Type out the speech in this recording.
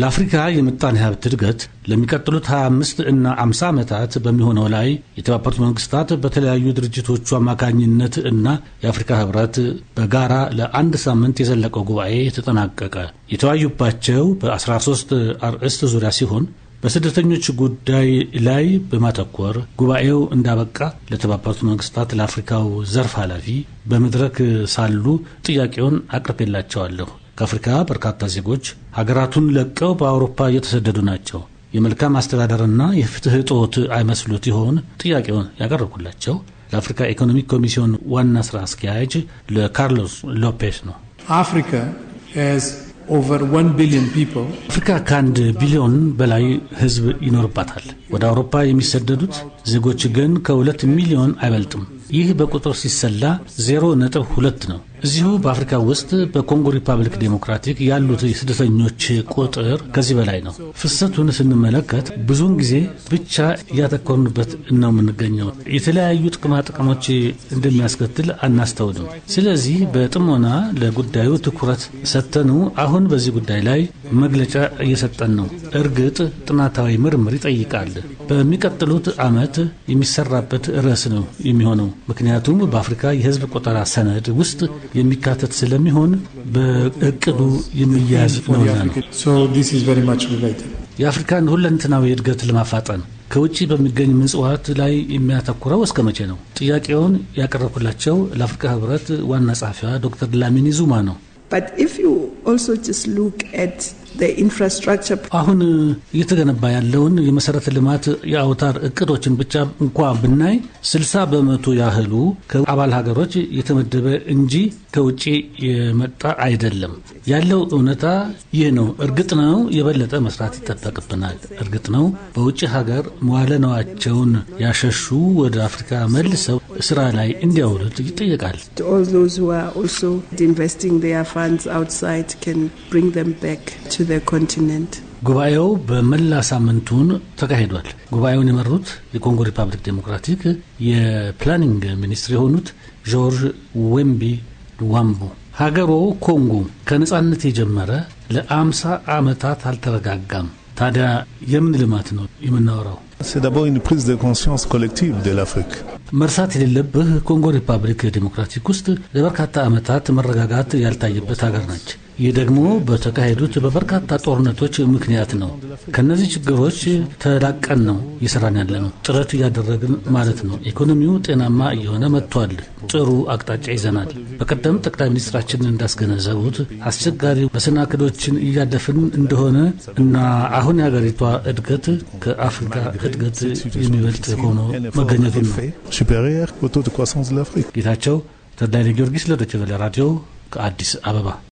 ለአፍሪካ የምጣኔ ሀብት እድገት ለሚቀጥሉት 25 እና 50 ዓመታት በሚሆነው ላይ የተባበሩት መንግስታት በተለያዩ ድርጅቶቹ አማካኝነት እና የአፍሪካ ህብረት በጋራ ለአንድ ሳምንት የዘለቀው ጉባኤ ተጠናቀቀ። የተወያዩባቸው በ13 አርዕስት ዙሪያ ሲሆን በስደተኞች ጉዳይ ላይ በማተኮር ጉባኤው እንዳበቃ ለተባበሩት መንግስታት ለአፍሪካው ዘርፍ ኃላፊ በመድረክ ሳሉ ጥያቄውን አቅርቤላቸዋለሁ። ከአፍሪካ በርካታ ዜጎች ሀገራቱን ለቀው በአውሮፓ እየተሰደዱ ናቸው። የመልካም አስተዳደርና የፍትህ እጦት አይመስሉት ይሆን? ጥያቄውን ያቀረብኩላቸው ለአፍሪካ ኢኮኖሚክ ኮሚሲዮን ዋና ስራ አስኪያጅ ለካርሎስ ሎፔስ ነው። አፍሪካ አፍሪካ ከአንድ ቢሊዮን በላይ ህዝብ ይኖርባታል። ወደ አውሮፓ የሚሰደዱት ዜጎች ግን ከሁለት ሚሊዮን አይበልጥም። ይህ በቁጥር ሲሰላ ዜሮ ነጥብ ሁለት ነው። እዚሁ በአፍሪካ ውስጥ በኮንጎ ሪፐብሊክ ዴሞክራቲክ ያሉት የስደተኞች ቁጥር ከዚህ በላይ ነው። ፍሰቱን ስንመለከት ብዙውን ጊዜ ብቻ እያተኮርንበት ነው የምንገኘው። የተለያዩ ጥቅማ ጥቅሞች እንደሚያስከትል አናስተውልም። ስለዚህ በጥሞና ለጉዳዩ ትኩረት ሰተኑ አሁን በዚህ ጉዳይ ላይ መግለጫ እየሰጠን ነው። እርግጥ ጥናታዊ ምርምር ይጠይቃል። በሚቀጥሉት ዓመት የሚሰራበት ርዕስ ነው የሚሆነው። ምክንያቱም በአፍሪካ የህዝብ ቆጠራ ሰነድ ውስጥ የሚካተት ስለሚሆን በእቅዱ የሚያያዝ ነውና ነው። የአፍሪካን ሁለንትናዊ እድገት ለማፋጠን ከውጭ በሚገኝ ምጽዋት ላይ የሚያተኩረው እስከ መቼ ነው? ጥያቄውን ያቀረብኩላቸው ለአፍሪካ ህብረት ዋና ጸሐፊዋ ዶክተር ድላሚኒ ዙማ ነው። አሁን እየተገነባ ያለውን የመሰረተ ልማት የአውታር እቅዶችን ብቻ እንኳ ብናይ ስልሳ በመቶ ያህሉ ከአባል ሀገሮች የተመደበ እንጂ ከውጭ የመጣ አይደለም። ያለው እውነታ ይህ ነው። እርግጥ ነው የበለጠ መስራት ይጠበቅብናል። እርግጥ ነው በውጭ ሀገር መዋለ ነዋቸውን ያሸሹ ወደ አፍሪካ መልሰው ስራ ላይ እንዲያውሉት ይጠየቃል። ጉባኤው በመላ ሳምንቱን ተካሂዷል። ጉባኤውን የመሩት የኮንጎ ሪፐብሊክ ዴሞክራቲክ የፕላኒንግ ሚኒስትር የሆኑት ጆርጅ ዌምቢ ዋምቦ ሀገሮ ኮንጎ ከነጻነት የጀመረ ለአምሳ ዓመታት አልተረጋጋም። ታዲያ የምን ልማት ነው የምናወራው? C'est d'abord une prise de conscience collective de l'Afrique. መርሳት የሌለብህ ኮንጎ ሪፐብሊክ ዲሞክራቲክ ውስጥ ለበርካታ ዓመታት መረጋጋት ያልታየበት ሀገር ነች። ይህ ደግሞ በተካሄዱት በበርካታ ጦርነቶች ምክንያት ነው። ከእነዚህ ችግሮች ተላቀን ነው እየሰራን ያለ ነው፣ ጥረት እያደረግን ማለት ነው። ኢኮኖሚው ጤናማ እየሆነ መጥቷል። ጥሩ አቅጣጫ ይዘናል። በቀደም ጠቅላይ ሚኒስትራችን እንዳስገነዘቡት አስቸጋሪ መሰናክሎችን እያለፍን እንደሆነ እና አሁን የሀገሪቷ እድገት ከአፍሪካ እድገት የሚበልጥ ሆኖ መገኘቱን ነው። supérieur au taux de croissance de l'Afrique. ጌታቸው ተድላይ ጊዮርጊስ ለዶይቼ ቬለ ራዲዮ ከአዲስ አበባ